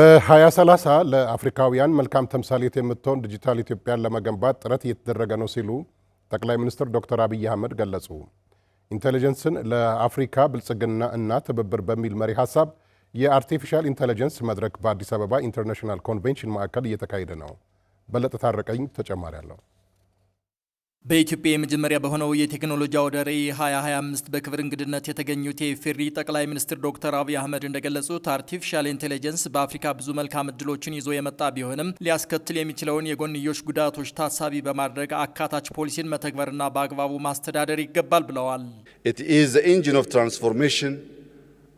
በ2030 ለአፍሪካውያን መልካም ተምሳሌት የምትሆን ዲጂታል ኢትዮጵያን ለመገንባት ጥረት እየተደረገ ነው ሲሉ ጠቅላይ ሚኒስትር ዶክተር አብይ አህመድ ገለጹ። ኢንቴሊጀንስን ለአፍሪካ ብልጽግና እና ትብብር በሚል መሪ ሀሳብ የአርቲፊሻል ኢንቴሊጀንስ መድረክ በአዲስ አበባ ኢንተርናሽናል ኮንቬንሽን ማዕከል እየተካሄደ ነው። በለጠ ታረቀኝ ተጨማሪ አለው። በኢትዮጵያ የመጀመሪያ በሆነው የቴክኖሎጂ አውደ ርዕይ 2025 በክብር እንግድነት የተገኙት የኢፌዴሪ ጠቅላይ ሚኒስትር ዶክተር አብይ አህመድ እንደገለጹት አርቲፊሻል ኢንቴሊጀንስ በአፍሪካ ብዙ መልካም እድሎችን ይዞ የመጣ ቢሆንም ሊያስከትል የሚችለውን የጎንዮሽ ጉዳቶች ታሳቢ በማድረግ አካታች ፖሊሲን መተግበርና በአግባቡ ማስተዳደር ይገባል ብለዋል። ኢት ኢዝ ዘ ኢንጂን ኦፍ ትራንስፎርሜሽን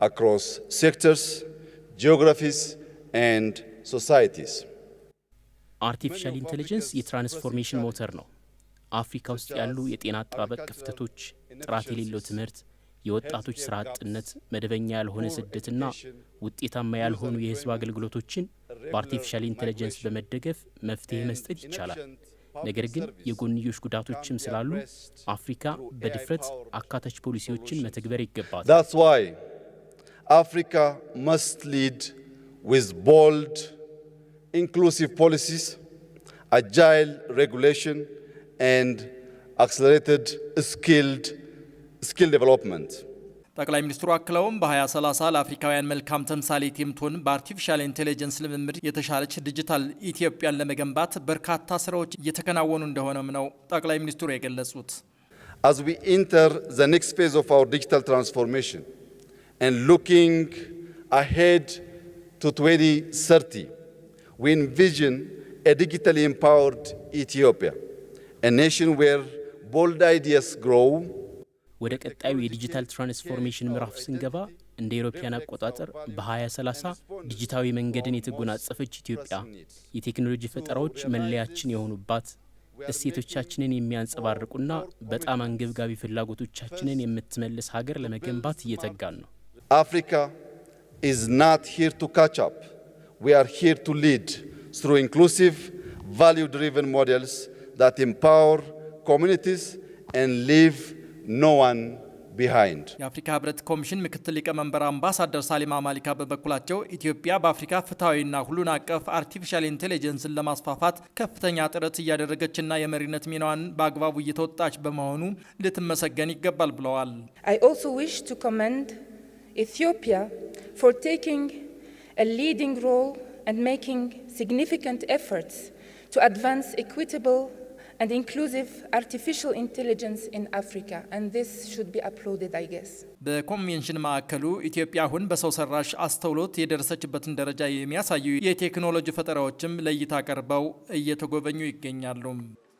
አክሮስ ሴክተርስ ጂኦግራፊስ ኤንድ ሶሳይቲስ። አርቲፊሻል ኢንቴሊጀንስ የትራንስፎርሜሽን ሞተር ነው አፍሪካ ውስጥ ያሉ የጤና አጠባበቅ ክፍተቶች፣ ጥራት የሌለው ትምህርት፣ የወጣቶች ስራ አጥነት፣ መደበኛ ያልሆነ ስደትና ውጤታማ ያልሆኑ የህዝብ አገልግሎቶችን በአርቲፊሻል ኢንቴለጀንስ በመደገፍ መፍትሄ መስጠት ይቻላል። ነገር ግን የጎንዮሽ ጉዳቶችም ስላሉ አፍሪካ በድፍረት አካታች ፖሊሲዎችን መተግበር ይገባል። That's why Africa must lead with bold, inclusive policies, and accelerated skilled skill development። ጠቅላይ ሚኒስትሩ አክለውም በ2030 ለአፍሪካውያን መልካም ተምሳሌት የምትሆን በአርቲፊሻል ኢንቴሊጀንስ ልምምድ የተሻለች ዲጂታል ኢትዮጵያን ለመገንባት በርካታ ስራዎች እየተከናወኑ እንደሆነም ነው ጠቅላይ ሚኒስትሩ የገለጹት። As we enter the next phase of our digital transformation and looking ahead to 2030, we envision a digitally empowered Ethiopia. ወደ ቀጣዩ የዲጂታል ትራንስፎርሜሽን ምዕራፍ ስንገባ እንደ ኢሮፓያን አቆጣጠር በ2030 ዲጂታዊ መንገድን የተጎናጸፈች ኢትዮጵያ የቴክኖሎጂ ፈጠራዎች መለያችን የሆኑባት እሴቶቻችንን የሚያንጸባርቁና በጣም አንገብጋቢ ፍላጎቶቻችንን የምትመልስ ሀገር ለመገንባት እየተጋን ነው። አፍሪካ ኢዝ ናት ሂር ቱ ካች አፕ ዊ አር ሂር ቱ ሊድ ስሩ ኢንክሉሲቭ ቫሊዩ ድሪቨን ሞዴልስ that empower communities and leave no one behind። የአፍሪካ ህብረት ኮሚሽን ምክትል ሊቀመንበር አምባሳደር ሳሊማ ማሊካ በበኩላቸው ኢትዮጵያ በአፍሪካ ፍትሐዊና ሁሉን አቀፍ አርቲፊሻል ኢንቴሊጀንስን ለማስፋፋት ከፍተኛ ጥረት እያደረገችና የመሪነት ሚናዋን በአግባቡ እየተወጣች በመሆኑ ልትመሰገን ይገባል ብለዋል። I also wish to commend Ethiopia for taking a leading role and making significant efforts to advance equitable and inclusive artificial intelligence in Africa and this should be applauded I guess በኮንቬንሽን ማዕከሉ ኢትዮጵያ አሁን በሰው ሰራሽ አስተውሎት የደረሰችበትን ደረጃ የሚያሳዩ የቴክኖሎጂ ፈጠራዎችም ለእይታ ቀርበው እየተጎበኙ ይገኛሉ።